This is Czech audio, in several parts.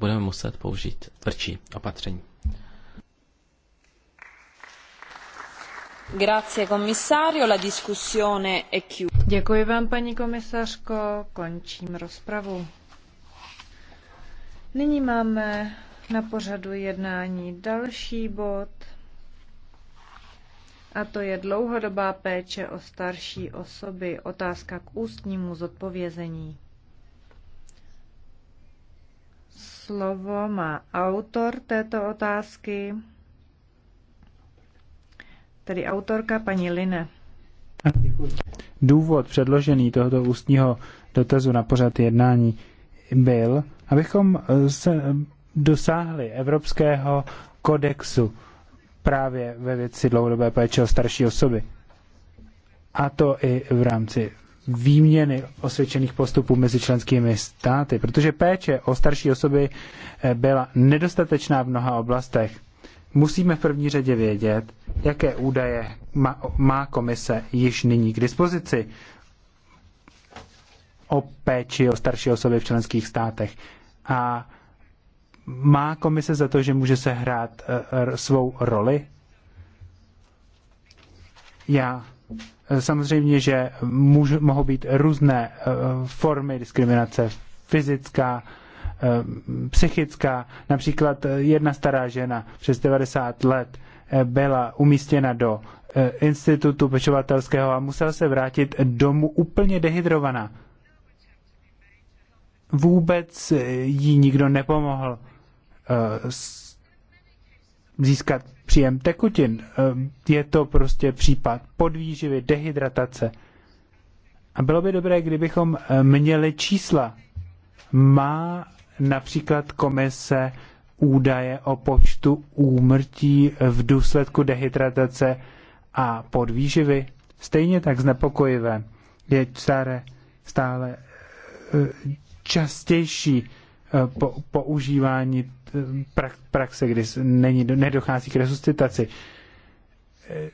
budeme muset použít tvrdší opatření. Grazie, komisario. La discussione è chiusa. Děkuji vám, paní komisařko. Končím rozpravu. Nyní máme na pořadu jednání další bod, a to je dlouhodobá péče o starší osoby, otázka k ústnímu zodpovězení. Slovo má autor této otázky, tedy autorka paní Line. Děkuji. Důvod předložený tohoto ústního dotazu na pořad jednání byl, abychom se dosáhli Evropského kodexu právě ve věci dlouhodobé péče o starší osoby. A to i v rámci výměny osvědčených postupů mezi členskými státy, protože péče o starší osoby eh, byla nedostatečná v mnoha oblastech. Musíme v první řadě vědět, jaké údaje má komise již nyní k dispozici o péči o starší osoby v členských státech. A má komise za to, že může se hrát eh, svou roli? Já Samozřejmě, že můž, mohou být různé eh, formy diskriminace, fyzická, eh, psychická. Například eh, jedna stará žena přes 90 let byla umístěna do institutu pečovatelského a musela se vrátit domů úplně dehydrovaná. Vůbec jí nikdo nepomohl získat příjem tekutin. Ehm, je to prostě případ podvýživy, dehydratace. A bylo by dobré, kdybychom ehm, měli čísla. Má například komise údaje o počtu úmrtí v důsledku dehydratace a podvýživy? Stejně tak znepokojivé je staré stále eh, častější Eh, po, používání praxe, kdy není, nedochází k resuscitaci. Eh,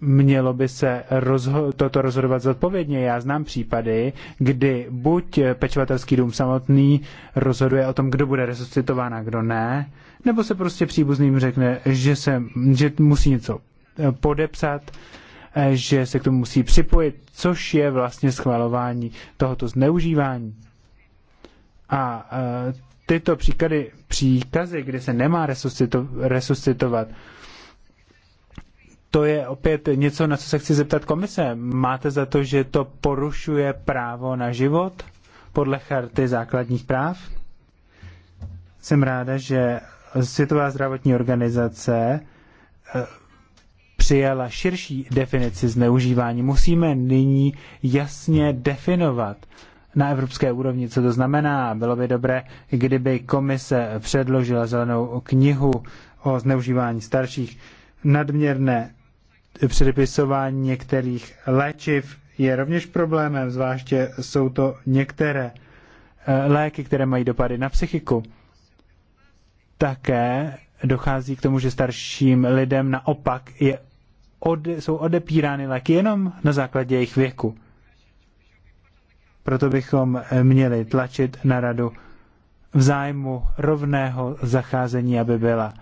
mělo by se rozho- toto rozhodovat zodpovědně. Já znám případy, kdy buď pečovatelský dům samotný rozhoduje o tom, kdo bude resuscitován a kdo ne, nebo se prostě příbuzným řekne, že, se, že musí něco eh, podepsat, že se k tomu musí připojit, což je vlastně schvalování tohoto zneužívání. A e, tyto příklady, příkazy, kdy se nemá resuscitovat, to je opět něco, na co se chci zeptat komise. Máte za to, že to porušuje právo na život podle charty základních práv? Jsem ráda, že Světová zdravotní organizace e, přijala širší definici zneužívání. Musíme nyní jasně definovat, na evropské úrovni, co to znamená. Bylo by dobré, kdyby komise předložila zelenou knihu o zneužívání starších. Nadměrné předepisování některých léčiv je rovněž problémem, zvláště jsou to některé eh, léky, které mají dopady na psychiku. Také dochází k tomu, že starším lidem naopak je od, jsou odepírány léky jenom na základě jejich věku. Proto bychom měli tlačit na radu v zájmu rovného zacházení, aby byla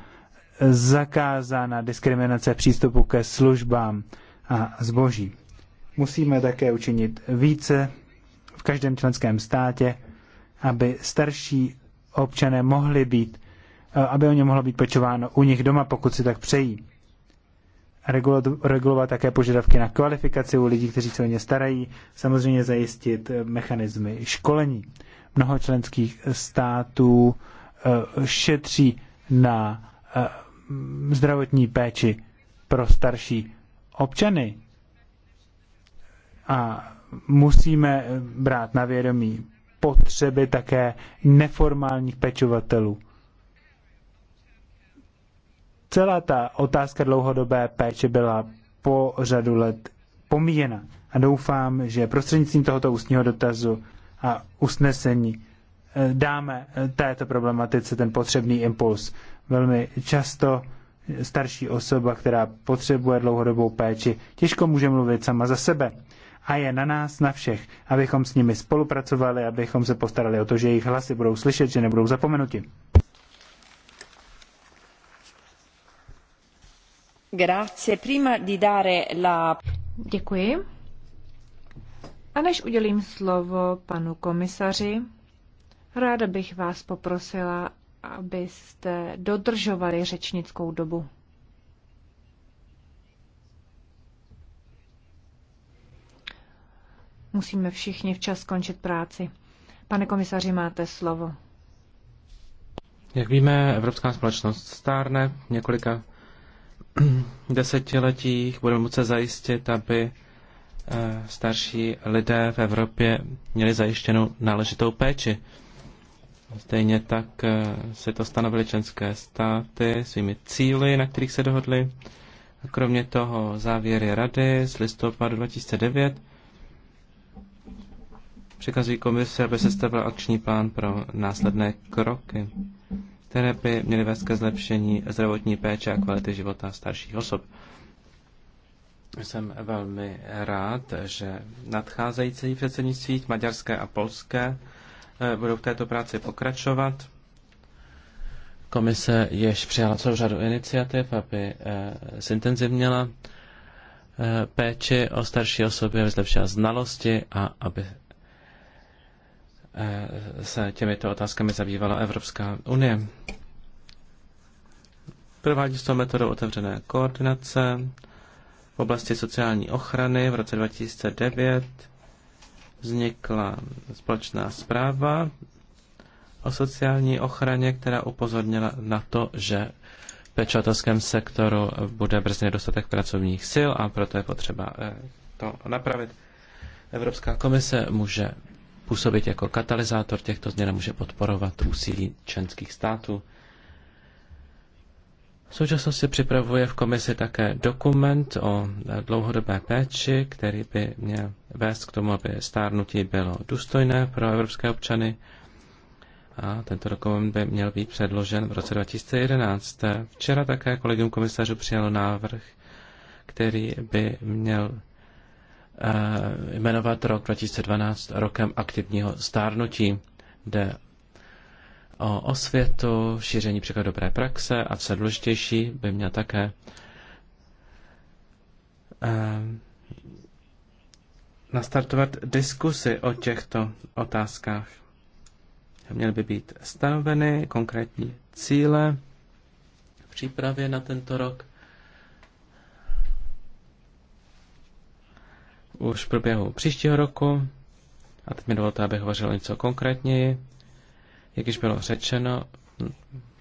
zakázána diskriminace přístupu ke službám a zboží. Musíme také učinit více v každém členském státě, aby starší občané mohli být, aby o ně mohlo být pečováno u nich doma, pokud si tak přejí regulovat, regulovat také požadavky na kvalifikaci u lidí, kteří se o ně starají, samozřejmě zajistit eh, mechanismy školení. Mnoho členských států eh, šetří na eh, zdravotní péči pro starší občany a musíme brát na vědomí potřeby také neformálních pečovatelů celá ta otázka dlouhodobé péče byla po řadu let pomíjena. A doufám, že prostřednictvím tohoto ústního dotazu a usnesení eh, dáme eh, této problematice ten potřebný impuls. Velmi často starší osoba, která potřebuje dlouhodobou péči, těžko může mluvit sama za sebe. A je na nás, na všech, abychom s nimi spolupracovali, abychom se postarali o to, že jejich hlasy budou slyšet, že nebudou zapomenuti. Děkuji. A než udělím slovo panu komisaři, ráda bych vás poprosila, abyste dodržovali řečnickou dobu. Musíme všichni včas skončit práci. Pane komisaři, máte slovo. Jak víme, evropská společnost stárne. Několika desetiletích budeme moci zajistit, aby eh, starší lidé v Evropě měli zajištěnou náležitou péči. Stejně tak eh, se to stanovily členské státy svými cíly, na kterých se dohodly. Kromě toho závěry rady z listopadu 2009 přikazují komise, aby se sestavila akční plán pro následné kroky které by měly vést ke zlepšení zdravotní péče a kvality života starších osob. Jsem velmi rád, že nadcházející předsednictví maďarské a polské eh, budou v této práci pokračovat. Komise jež přijala celou řadu iniciativ, aby eh, zintenzivněla eh, péči o starší osoby, aby zlepšila znalosti a aby Eh, se těmito otázkami zabývala Evropská unie. Provádí se to metodou otevřené koordinace v oblasti sociální ochrany v roce 2009 vznikla společná zpráva o sociální ochraně, která upozornila na to, že v pečovatelském sektoru bude brzy nedostatek pracovních sil a proto je potřeba eh, to napravit. Evropská komise může působit jako katalyzátor těchto změn a může podporovat úsilí členských států. V současnosti připravuje v komisi také dokument o dlouhodobé péči, který by měl vést k tomu, aby stárnutí bylo důstojné pro evropské občany. A tento dokument by měl být předložen v roce 2011. Včera také kolegium komisařů přijalo návrh, který by měl Eh, jmenovat rok 2012 rokem aktivního stárnutí, kde o osvětu, šíření příklad dobré praxe a co důležitější by měl také eh, nastartovat diskusy o těchto otázkách. Měly by být stanoveny konkrétní cíle přípravě na tento rok už v průběhu příštího roku. A teď mi dovolte, abych hovořil něco konkrétněji. Jak již bylo řečeno,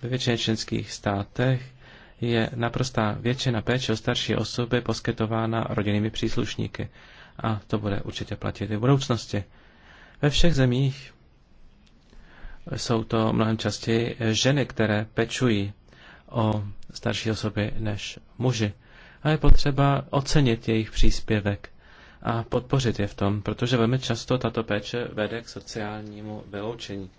ve většině členských státech je naprostá většina péče o starší osoby poskytována rodinnými příslušníky. A to bude určitě platit i v budoucnosti. Ve všech zemích jsou to mnohem častěji ženy, které pečují o starší osoby než muži. A je potřeba ocenit jejich příspěvek a podpořit je v tom, protože velmi často tato péče vede k sociálnímu vyloučení.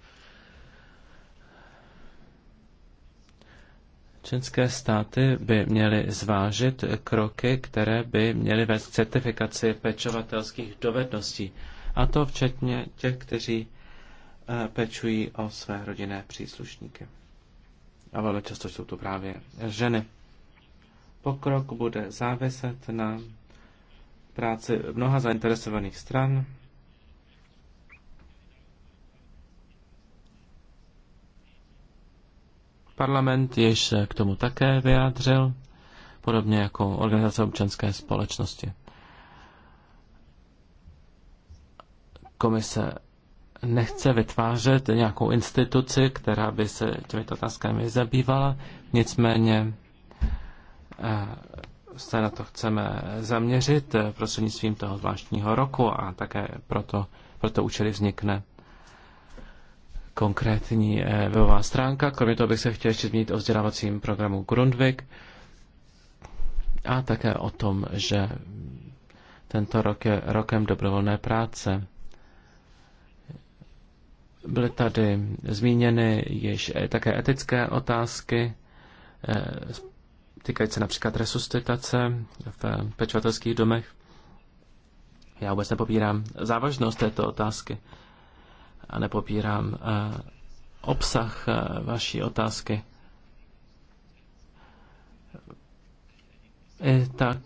Čínské státy by měly zvážit kroky, které by měly vést k certifikaci pečovatelských dovedností, a to včetně těch, kteří eh, pečují o své rodinné příslušníky. A velmi často jsou to právě ženy. Pokrok bude záviset na práce mnoha zainteresovaných stran. Parlament již se k tomu také vyjádřil, podobně jako organizace občanské společnosti. Komise nechce vytvářet nějakou instituci, která by se těmito otázkami zabývala, nicméně eh, se na to chceme zaměřit eh, prostřednictvím toho zvláštního roku a také proto, proto účely vznikne konkrétní eh, webová stránka. Kromě toho bych se chtěl ještě zmínit o vzdělávacím programu Grundvik a také o tom, že tento rok je rokem dobrovolné práce. Byly tady zmíněny již eh, také etické otázky týkající například resuscitace v pečovatelských domech. Já vůbec nepopírám závažnost této otázky a nepopírám eh, obsah eh, vaší otázky. I tak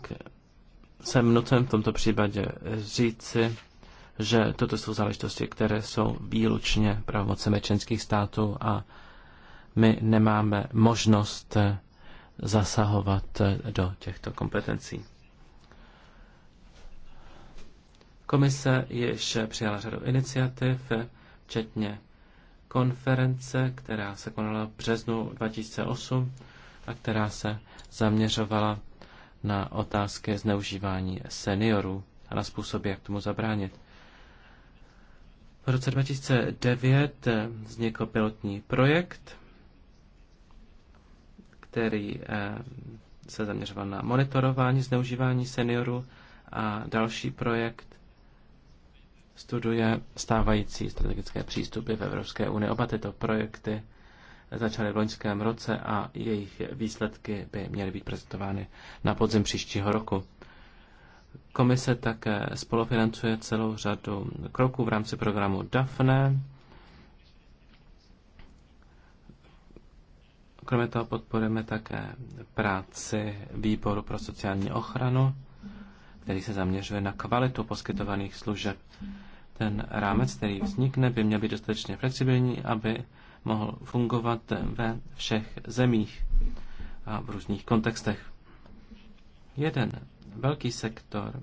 jsem nucen v tomto případě říci, že toto jsou záležitosti, které jsou výlučně pravomocemi členských států a my nemáme možnost eh, zasahovat do těchto kompetencí. Komise již přijala řadu iniciativ, včetně konference, která se konala v březnu 2008 a která se zaměřovala na otázky zneužívání seniorů a na způsob, jak tomu zabránit. V roce 2009 vznikl pilotní projekt, který eh, se zaměřoval na monitorování zneužívání seniorů a další projekt studuje stávající strategické přístupy v Evropské unii. Oba tyto projekty začaly v loňském roce a jejich výsledky by měly být prezentovány na podzim příštího roku. Komise také spolufinancuje celou řadu kroků v rámci programu DAFNE, Kromě toho podporujeme také práci Výboru pro sociální ochranu, který se zaměřuje na kvalitu poskytovaných služeb. Ten rámec, který vznikne, by měl být dostatečně flexibilní, aby mohl fungovat ve všech zemích a v různých kontextech. Jeden velký sektor,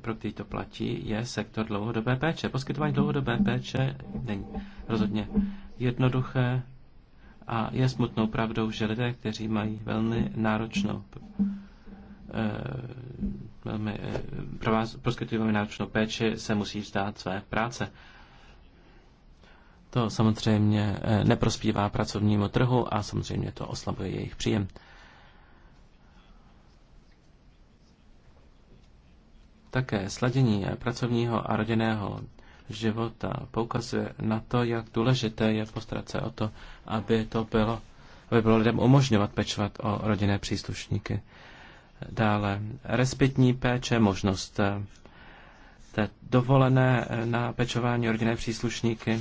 pro který to platí, je sektor dlouhodobé péče. Poskytování dlouhodobé péče není rozhodně jednoduché, a je smutnou pravdou, že lidé, kteří mají velmi náročnou eh, velmi, eh, pro vás poskytují velmi náročnou péči, se musí vzdát své práce. To samozřejmě eh, neprospívá pracovnímu trhu a samozřejmě to oslabuje jejich příjem. Také sladění pracovního a rodinného života poukazuje na to, jak důležité je postarat se o to, aby to bylo, aby bylo lidem umožňovat pečovat o rodinné příslušníky. Dále respitní péče, možnost eh, té dovolené eh, na pečování o rodinné příslušníky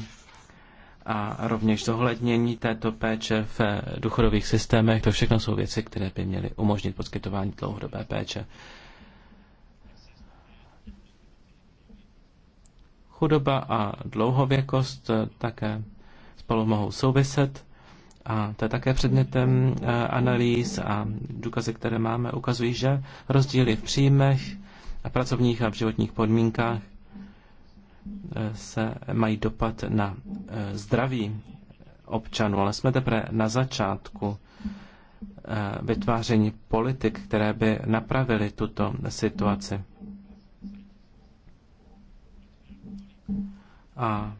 a rovněž zohlednění této péče v eh, duchodových systémech. To všechno jsou věci, které by měly umožnit poskytování dlouhodobé péče Chudoba a dlouhověkost eh, také spolu mohou souviset a to je také předmětem eh, analýz a důkazy, které máme, ukazují, že rozdíly v příjmech a pracovních a v životních podmínkách eh, se mají dopad na zdraví občanů, ale jsme teprve na začátku vytváření politik, které by napravily tuto situaci. A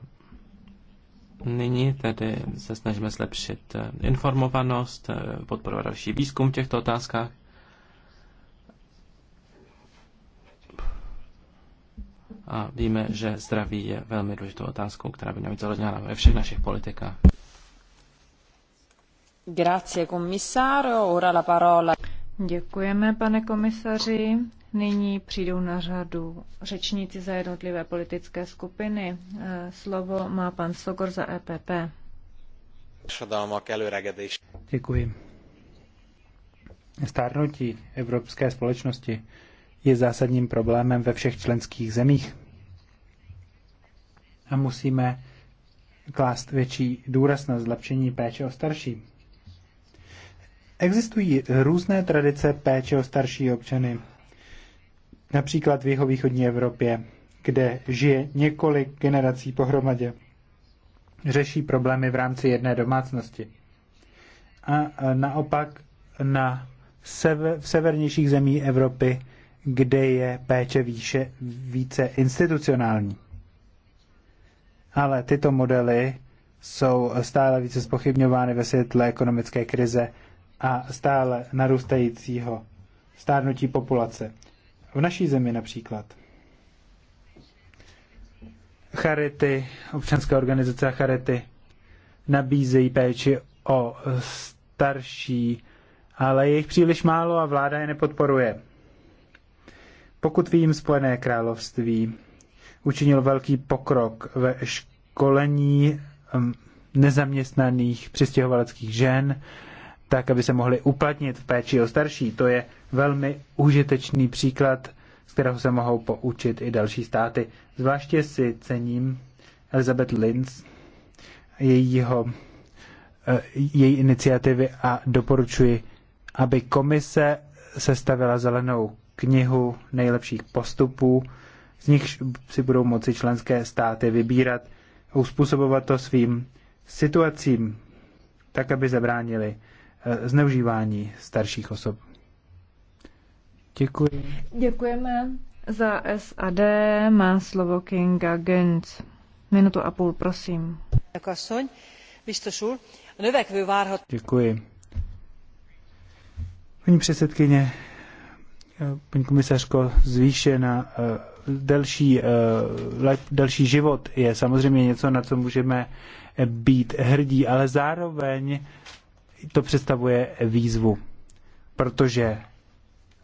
nyní tedy se snažíme zlepšit eh, informovanost, eh, podporovat další výzkum v těchto otázkách. A víme, že zdraví je velmi důležitou otázkou, která by měla být založena ve všech našich politikách. Grazie, commissario. Ora la parola. Děkujeme, pane komisaři. Nyní přijdou na řadu řečníci za jednotlivé politické skupiny. Eh, slovo má pan Sogor za EPP. Děkuji. Stárnutí evropské společnosti je zásadním problémem ve všech členských zemích. A musíme klást větší důraz na zlepšení péče o starší. Existují různé tradice péče o starší občany například v jeho východní Evropě, kde žije několik generací pohromadě. Řeší problémy v rámci jedné domácnosti. A naopak na sever, v severnějších zemí Evropy, kde je péče výše, více institucionální. Ale tyto modely jsou stále více spochybňovány ve světle ekonomické krize a stále narůstajícího stárnutí populace v naší zemi například. Charity, občanské organizace a charity nabízejí péči o starší, ale je jich příliš málo a vláda je nepodporuje. Pokud vím, Spojené království učinil velký pokrok ve školení nezaměstnaných přistěhovaleckých žen, tak, aby se mohli uplatnit v péči o starší. To je velmi užitečný příklad, z kterého se mohou poučit i další státy. Zvláště si cením Elizabeth Linz, jejího, eh, její iniciativy a doporučuji, aby komise sestavila zelenou knihu nejlepších postupů, z nich si budou moci členské státy vybírat a uspůsobovat to svým situacím, tak, aby zabránili Eh, zneužívání starších osob. Děkuji. Děkujeme za SAD. Má slovo Kinga Gens. Minutu a půl, prosím. Děkuji. Paní předsedkyně, eh, paní komisařko, zvýšená eh, delší, delší život je samozřejmě něco, na co můžeme být hrdí, ale zároveň to představuje výzvu, protože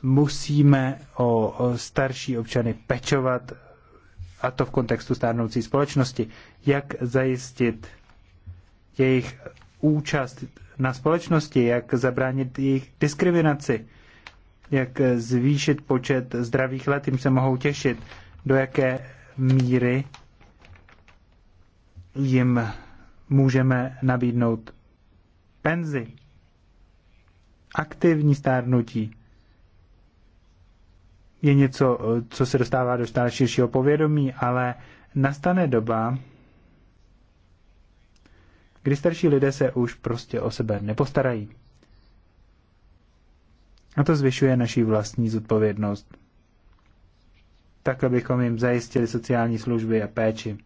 musíme o starší občany pečovat, a to v kontextu stárnoucí společnosti. Jak zajistit jejich účast na společnosti, jak zabránit jejich diskriminaci, jak zvýšit počet zdravých let, jim se mohou těšit, do jaké míry jim můžeme nabídnout penzi, aktivní stárnutí je něco, co se dostává do stále širšího povědomí, ale nastane doba, kdy starší lidé se už prostě o sebe nepostarají. A to zvyšuje naší vlastní zodpovědnost. Tak, abychom jim zajistili sociální služby a péči.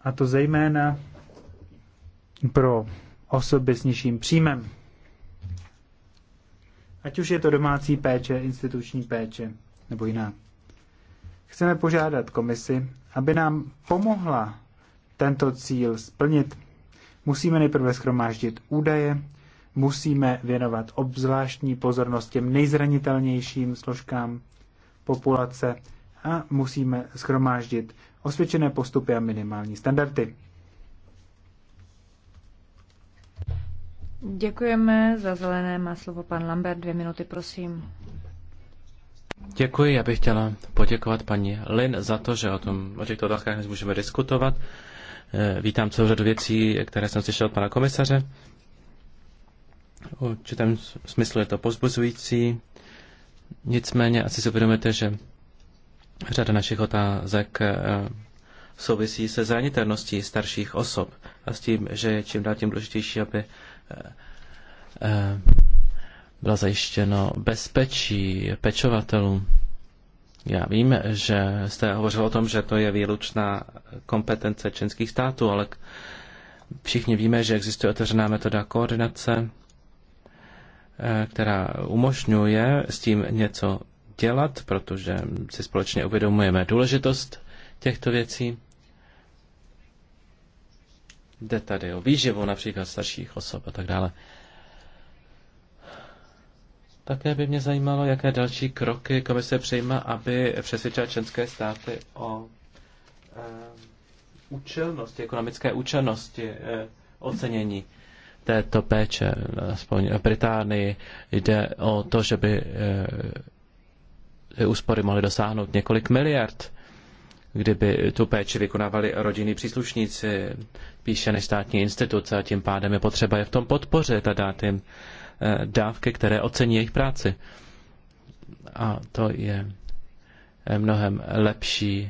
A to zejména pro osoby s nižším příjmem. Ať už je to domácí péče, instituční péče nebo jiná. Chceme požádat komisi, aby nám pomohla tento cíl splnit. Musíme nejprve schromáždit údaje, musíme věnovat obzvláštní pozornost těm nejzranitelnějším složkám populace a musíme schromáždit osvědčené postupy a minimální standardy. Děkujeme. Za zelené má slovo pan Lambert. Dvě minuty, prosím. Děkuji, já bych chtěla poděkovat paní Lin za to, že o, tom, o těchto otázkách dnes můžeme diskutovat. Eh, vítám celou řadu věcí, které jsem slyšel od pana komisaře. V určitém smyslu je to pozbuzující. Nicméně asi si uvědomíte, že řada našich otázek eh, souvisí se zranitelností starších osob a s tím, že je čím dál tím důležitější, aby Eh, eh, bylo zajištěno bezpečí pečovatelům. Já vím, že jste hovořil o tom, že to je výlučná kompetence členských států, ale všichni víme, že existuje otevřená metoda koordinace, eh, která umožňuje s tím něco dělat, protože si společně uvědomujeme důležitost těchto věcí. Jde tady o výživu například starších osob a tak dále. Také by mě zajímalo, jaké další kroky komise přejme, aby přesvědčila členské státy o e, účelnosti, ekonomické účelnosti e, ocenění této péče, aspoň v Británii, jde o to, že by e, úspory mohly dosáhnout několik miliard, kdyby tu péči vykonávali rodinní příslušníci, spíše než státní instituce a tím pádem je potřeba je v tom podpořit a dát jim eh, dávky, které ocení jejich práci. A to je eh, mnohem lepší,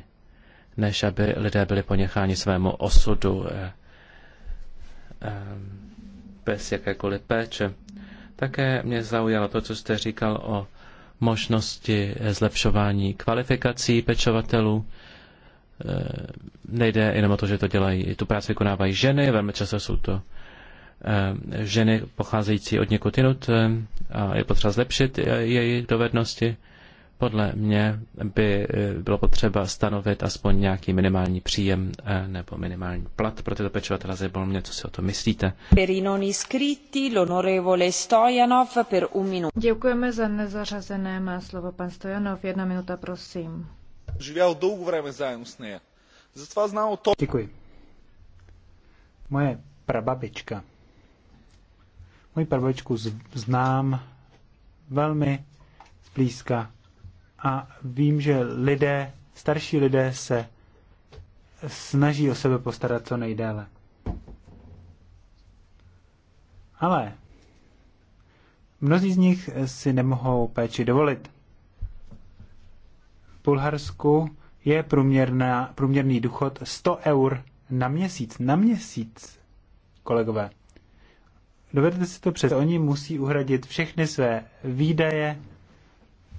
než aby lidé byli poněcháni svému osudu eh, bez jakékoliv péče. Také mě zaujalo to, co jste říkal o možnosti zlepšování kvalifikací pečovatelů. Eh, nejde jenom o to, že to dělají, tu práci vykonávají ženy, velmi často jsou to eh, ženy pocházející od někud jinut eh, a je potřeba zlepšit jejich dovednosti. Podle mě by bylo potřeba stanovit aspoň nějaký minimální příjem nebo minimální plat pro tyto pečovatele zajímalo mě, co si o to myslíte. Děkujeme za nezařazené. Má slovo pan Stojanov. Jedna minuta, prosím. Živěl dlouho vreme zájem s ní. Затова znám to... Děkuji. Moje prababička. Moji prababičku znám velmi zblízka a vím, že lidé, starší lidé se snaží o sebe postarat co nejdéle. Ale mnozí z nich si nemohou péči dovolit. Bulharsku je průměrná, průměrný důchod 100 eur na měsíc. Na měsíc, kolegové. Dovedete si to přes. Oni musí uhradit všechny své výdaje,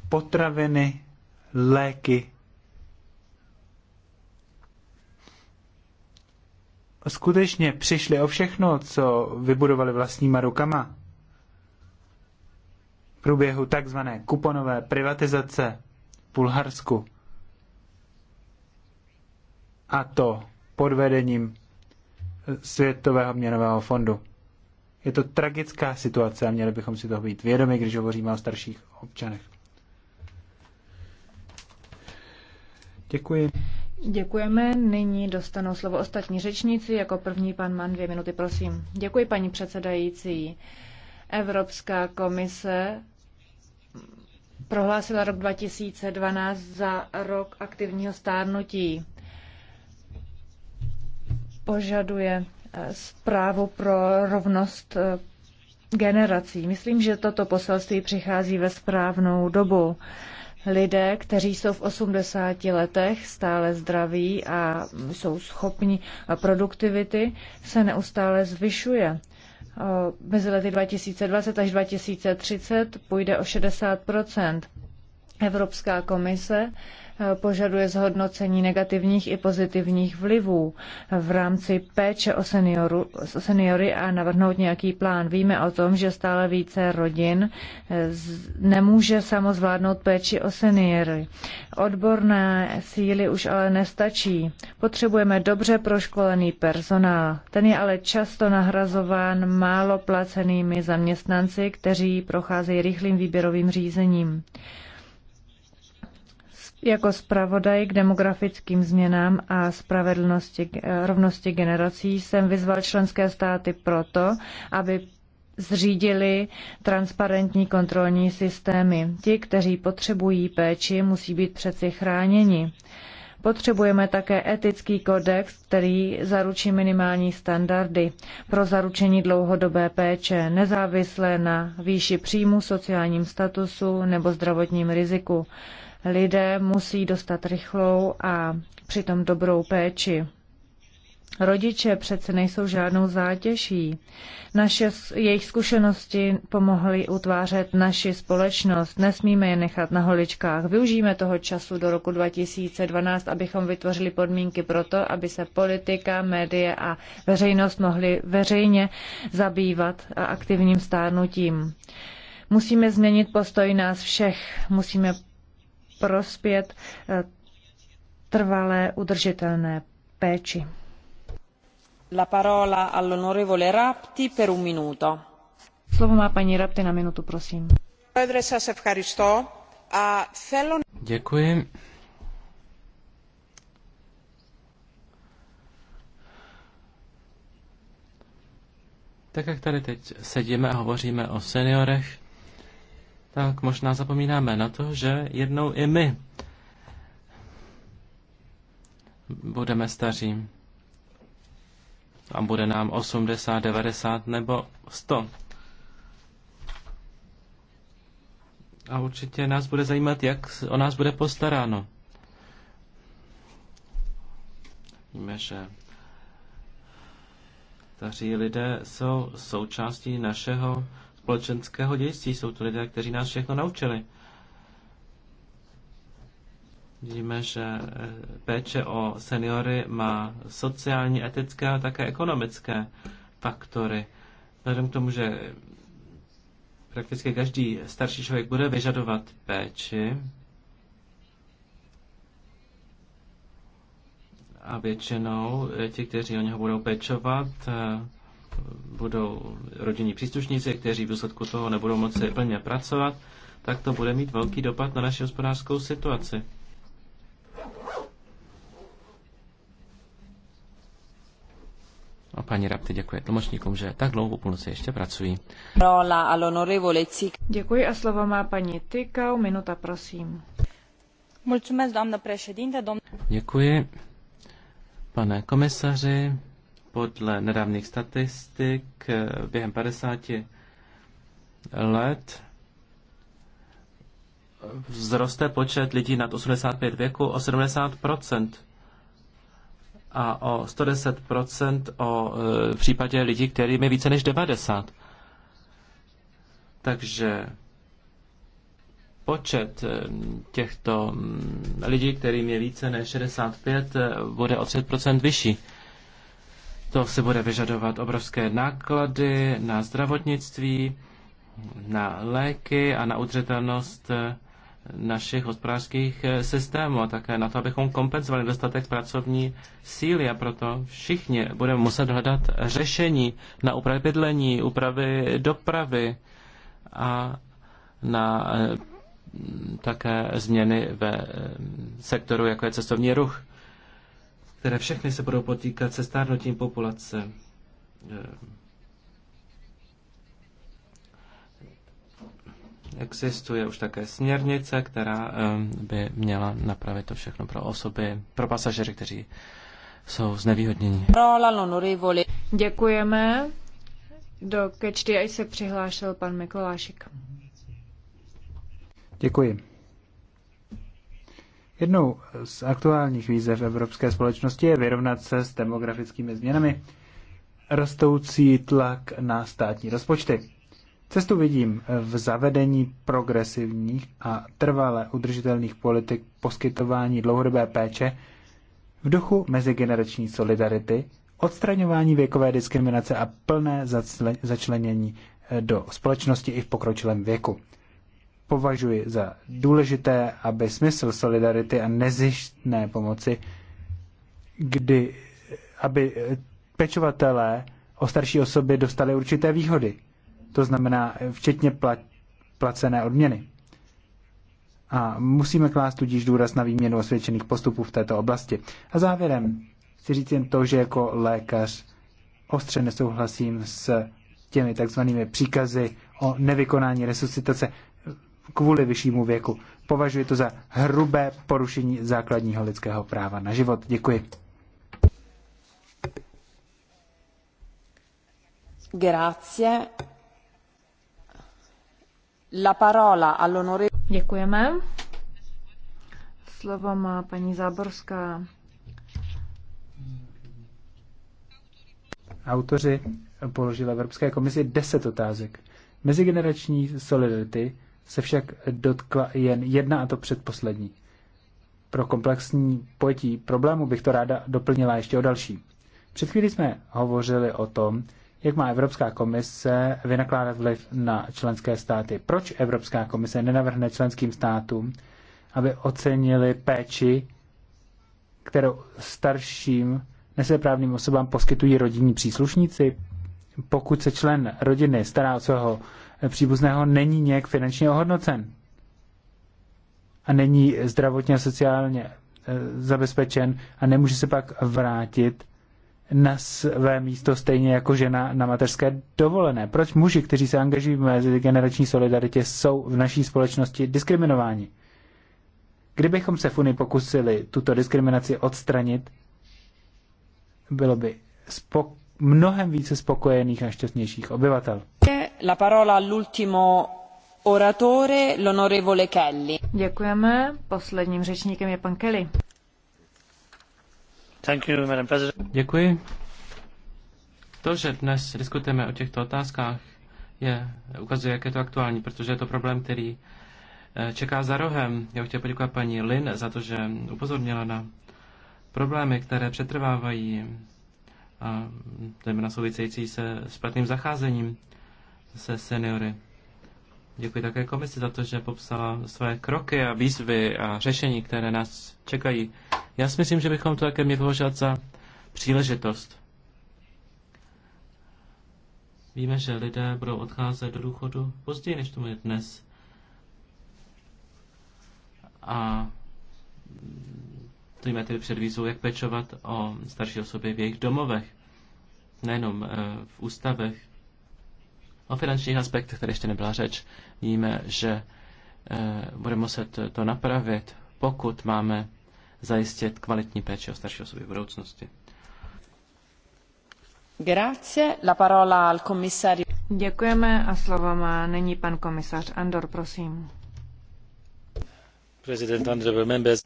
potraviny, léky. Skutečně přišli o všechno, co vybudovali vlastníma rukama. V průběhu takzvané kuponové privatizace Bulharsku. A to pod vedením Světového měnového fondu. Je to tragická situace a měli bychom si toho být vědomi, když hovoříme o starších občanech. Děkuji. Děkujeme. Nyní dostanou slovo ostatní řečníci. Jako první pan Man, dvě minuty, prosím. Děkuji, paní předsedající. Evropská komise prohlásila rok 2012 za rok aktivního stárnutí. Požaduje eh, zprávu pro rovnost eh, generací. Myslím, že toto poselství přichází ve správnou dobu. Lidé, kteří jsou v 80 letech stále zdraví a jsou schopni produktivity, se neustále zvyšuje. Eh, mezi lety 2020 až 2030 půjde o 60 Evropská komise požaduje zhodnocení negativních i pozitivních vlivů v rámci péče o, senioru, o seniory a navrhnout nějaký plán. Víme o tom, že stále více rodin eh, nemůže samozvládnout péči o seniory. Odborné síly už ale nestačí. Potřebujeme dobře proškolený personál. Ten je ale často nahrazován málo placenými zaměstnanci, kteří procházejí rychlým výběrovým řízením. Jako zpravodaj k demografickým změnám a spravedlnosti eh, rovnosti generací jsem vyzval členské státy proto, aby zřídili transparentní kontrolní systémy. Ti, kteří potřebují péči, musí být přeci chráněni. Potřebujeme také etický kodex, který zaručí minimální standardy pro zaručení dlouhodobé péče, nezávislé na výši příjmu, sociálním statusu nebo zdravotním riziku lidé musí dostat rychlou a přitom dobrou péči. Rodiče přece nejsou žádnou zátěží. Naše, jejich zkušenosti pomohly utvářet naši společnost. Nesmíme je nechat na holičkách. Využijeme toho času do roku 2012, abychom vytvořili podmínky pro to, aby se politika, média a veřejnost mohly veřejně zabývat aktivním stárnutím. Musíme změnit postoj nás všech. Musíme prospět eh, trvalé udržitelné péči. La parola all'onorevole Rapti per un minuto. Slovo má paní Rapti na minutu, prosím. Děkuji. Tak jak tady teď sedíme a hovoříme o seniorech, tak možná zapomínáme na to, že jednou i my budeme staří. A bude nám 80, 90 nebo 100. A určitě nás bude zajímat, jak o nás bude postaráno. Víme, že staří lidé jsou součástí našeho společenského dějství. Jsou to lidé, kteří nás všechno naučili. Vidíme, že eh, péče o seniory má sociální, etické a také ekonomické faktory. Vzhledem k tomu, že prakticky každý starší člověk bude vyžadovat péči a většinou ti, kteří o něho budou péčovat, eh, budou rodinní příslušníci, kteří v důsledku toho nebudou moci plně pracovat, tak to bude mít velký dopad na naši hospodářskou situaci. A paní Rapty děkuje tlumočníkům, že tak dlouho po noci ještě pracují. Děkuji a slovo má paní Tykau. Minuta, prosím. Děkuji, pane komisaři, podle nedávných statistik eh, během 50 let vzroste počet lidí nad 85 věku o 70 a o 110 o, v eh, případě lidí, kterým je více než 90. Takže počet eh, těchto mm, lidí, kterým je více než 65, bude o 30 vyšší. To se bude vyžadovat obrovské náklady na zdravotnictví, na léky a na udřetelnost eh, našich hospodářských eh, systémů a také na to, abychom kompenzovali dostatek pracovní síly a proto všichni budeme muset hledat řešení na úpravy bydlení, úpravy dopravy a na eh, také změny ve sektoru, jako je cestovní ruch které všechny se budou potýkat se stárnutím populace. Eh, existuje už také směrnice, která eh, by měla napravit to všechno pro osoby, pro pasažery, kteří jsou znevýhodnění. Děkujeme. Do Catch se přihlášel pan Mikolášek. Děkuji. Jednou z aktuálních výzev evropské společnosti je vyrovnat se s demografickými změnami, rostoucí tlak na státní rozpočty. Cestu vidím v zavedení progresivních a trvale udržitelných politik poskytování dlouhodobé péče v duchu mezigenerační solidarity, odstraňování věkové diskriminace a plné začlenění do společnosti i v pokročilém věku považuji za důležité, aby smysl solidarity a nezištné pomoci, kdy, aby pečovatelé o starší osoby dostali určité výhody. To znamená včetně plat, placené odměny. A musíme klást tudíž důraz na výměnu osvědčených postupů v této oblasti. A závěrem chci říct jen to, že jako lékař ostře nesouhlasím s těmi takzvanými příkazy o nevykonání resuscitace kvůli vyššímu věku. Považuji to za hrubé porušení základního lidského práva na život. Děkuji. Grazie. La parola all'onore... Děkujeme. Slovo má paní Záborská. Autoři položili Evropské komisi deset otázek. Mezigenerační solidarity se však dotkla jen jedna a to předposlední. Pro komplexní pojetí problému bych to ráda doplnila ještě o další. Před chvíli jsme hovořili o tom, jak má Evropská komise vynakládat vliv na členské státy. Proč Evropská komise nenavrhne členským státům, aby ocenili péči, kterou starším nesvěprávným osobám poskytují rodinní příslušníci? Pokud se člen rodiny stará o svého příbuzného není nějak finančně ohodnocen a není zdravotně a sociálně e, zabezpečen a nemůže se pak vrátit na své místo stejně jako žena na mateřské dovolené. Proč muži, kteří se angažují v mezigenerační solidaritě, jsou v naší společnosti diskriminováni? Kdybychom se v Unii pokusili tuto diskriminaci odstranit, bylo by spok- mnohem více spokojených a šťastnějších obyvatel. Posledním řečníkem je pan Kelly. Děkuji. To, že dnes diskutujeme o těchto otázkách, je, ukazuje, jak je to aktuální, protože je to problém, který eh, čeká za rohem. Já bych chtěl poděkovat paní Lin za to, že upozornila na problémy, které přetrvávají, a zejména související se s platným zacházením se seniory. Děkuji také komisi za to, že popsala své kroky a výzvy a řešení, které nás čekají. Já si myslím, že bychom to také měli považovat za příležitost. Víme, že lidé budou odcházet do důchodu později, než tomu je dnes. A jíme tedy před výzvou, jak pečovat o starší osoby v jejich domovech, nejenom eh, v ústavech. O finančních aspektech tady ještě nebyla řeč. Víme, že eh, budeme muset to napravit, pokud máme zajistit kvalitní péči o starší osoby v budoucnosti. Grazie. La parola al commissario. Děkujeme a slovo má nyní pan komisař Andor, prosím. Prezident Andrej Members.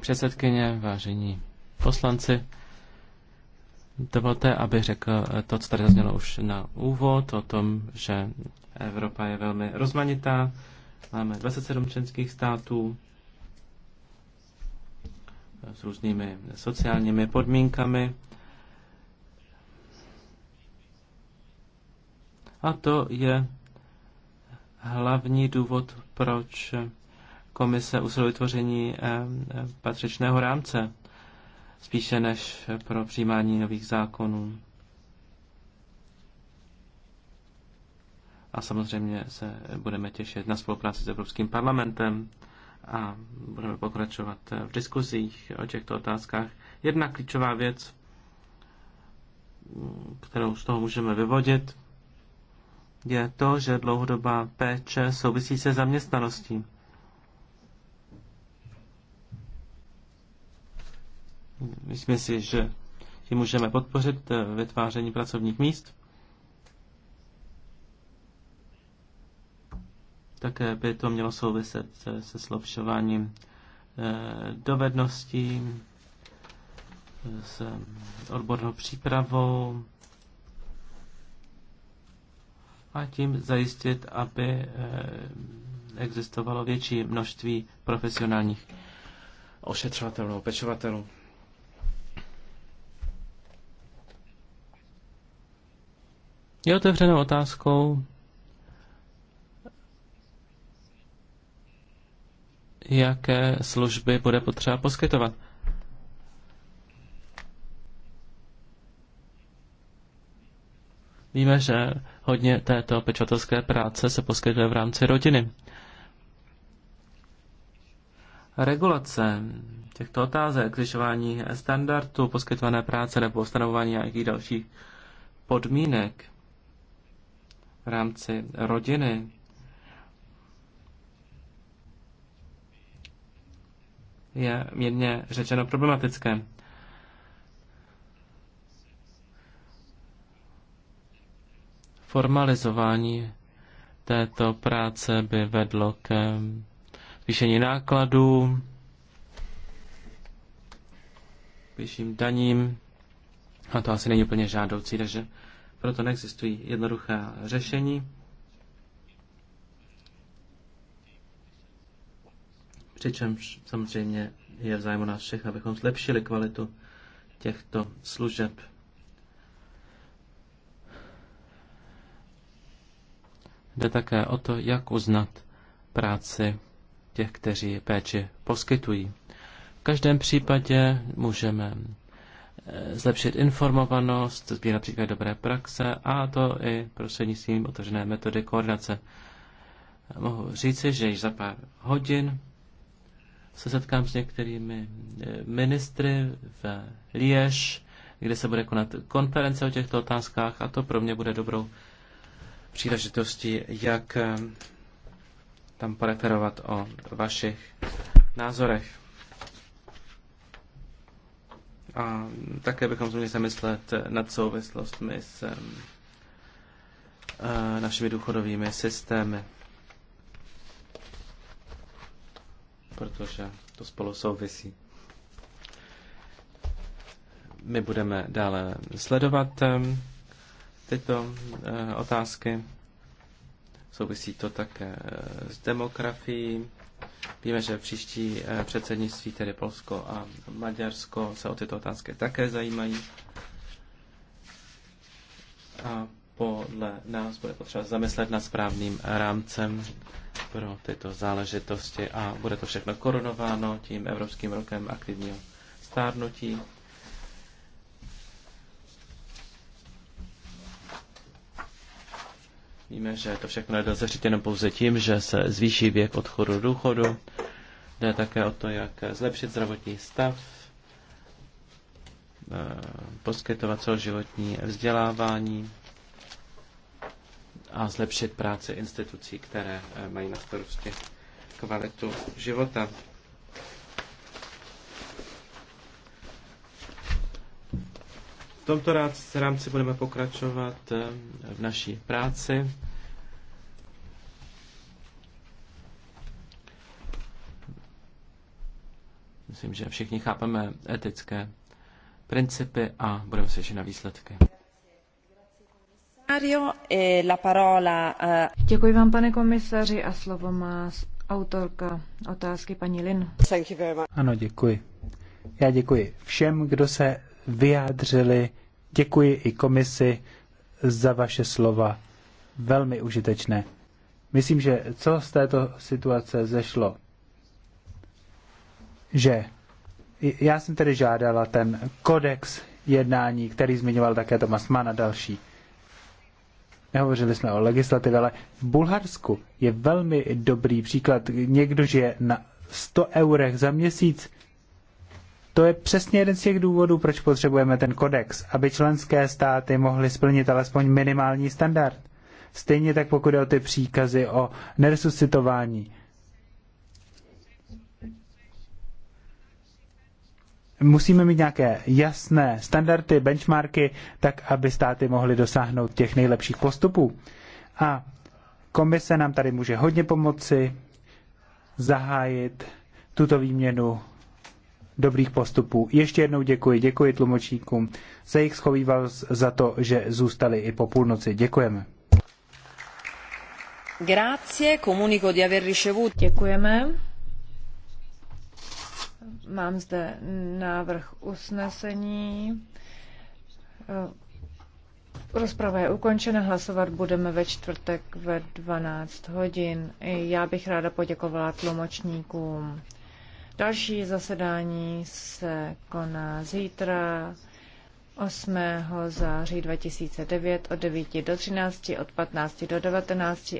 Předsedkyně, vážení poslanci, Dovolte, abych řekl to, co tady zaznělo už na úvod, o tom, že Evropa je velmi rozmanitá. Máme 27 členských států s různými sociálními podmínkami. A to je hlavní důvod, proč komise usiluje vytvoření eh, eh, patřičného rámce spíše než pro přijímání nových zákonů. A samozřejmě se budeme těšit na spolupráci s Evropským parlamentem a budeme pokračovat v diskuzích o těchto otázkách. Jedna klíčová věc, kterou z toho můžeme vyvodit, je to, že dlouhodobá péče souvisí se zaměstnaností. Myslím si, že tím můžeme podpořit eh, vytváření pracovních míst. Také by to mělo souviset se, se slobšováním eh, dovedností, eh, s odbornou přípravou a tím zajistit, aby existovalo větší množství profesionálních ošetřovatelů, pečovatelů. Je otevřenou otázkou, jaké služby bude potřeba poskytovat. Víme, že hodně této pečovatelské práce se poskytuje v rámci rodiny. Regulace těchto otázek, zvyšování standardů poskytované práce nebo stanovování nějakých dalších podmínek v rámci rodiny. je mírně řečeno problematické. Formalizování této práce by vedlo k eh, zvýšení nákladů, vyšším daním, a to asi není úplně žádoucí, takže proto neexistují jednoduchá řešení. Přičemž samozřejmě je v zájmu nás všech, abychom zlepšili kvalitu těchto služeb. Jde také o to, jak uznat práci těch, kteří péči poskytují. V každém případě můžeme zlepšit informovanost, sbírat příklad dobré praxe a to i prostřednictvím otevřené metody koordinace. Mohu říci, že již za pár hodin se setkám s některými eh, ministry v Liež, kde se bude konat konference o těchto otázkách a to pro mě bude dobrou příležitostí, jak eh, tam preferovat o vašich názorech. A také bychom se měli zamyslet nad souvislostmi s eh, našimi důchodovými systémy. Protože to spolu souvisí. My budeme dále sledovat tyto eh, otázky. Souvisí to také eh, s demografií, Víme, že příští eh, předsednictví, tedy Polsko a Maďarsko, se o tyto otázky také zajímají. A podle nás bude potřeba zamyslet nad správným rámcem pro tyto záležitosti a bude to všechno korunováno tím Evropským rokem aktivního stárnutí. Víme, že to všechno je zařít jenom pouze tím, že se zvýší věk odchodu do důchodu. Jde také o to, jak zlepšit zdravotní stav, eh, poskytovat celoživotní vzdělávání a zlepšit práci institucí, které eh, mají na starosti kvalitu života. tomto rámci budeme pokračovat eh, v naší práci. Myslím, že všichni chápeme etické principy a budeme se na výsledky. Eh, eh. Děkuji vám, pane komisaři, a slovo má autorka otázky paní Lin. Ano, děkuji. Já děkuji všem, kdo se vyjádřili. Děkuji i komisi za vaše slova. Velmi užitečné. Myslím, že co z této situace zešlo? Že já jsem tedy žádala ten kodex jednání, který zmiňoval také Tomas Mann a další. Nehovořili jsme o legislativě, ale v Bulharsku je velmi dobrý příklad. Někdo žije na 100 eurech za měsíc, to je přesně jeden z těch důvodů, proč potřebujeme ten kodex, aby členské státy mohly splnit alespoň minimální standard. Stejně tak pokud jde o ty příkazy o neresuscitování. Musíme mít nějaké jasné standardy, benchmarky, tak aby státy mohly dosáhnout těch nejlepších postupů. A komise nám tady může hodně pomoci zahájit tuto výměnu dobrých postupů. Ještě jednou děkuji, děkuji tlumočníkům za jejich schovývalost, za to, že zůstali i po půlnoci. Děkujeme. Grazie, comunico di aver ricevuto. Děkujeme. Mám zde návrh usnesení. Rozprava je ukončena, hlasovat budeme ve čtvrtek ve 12 hodin. Já bych ráda poděkovala tlumočníkům. Další zasedání se koná zítra 8. září 2009 od 9 do 13, od 15 do 19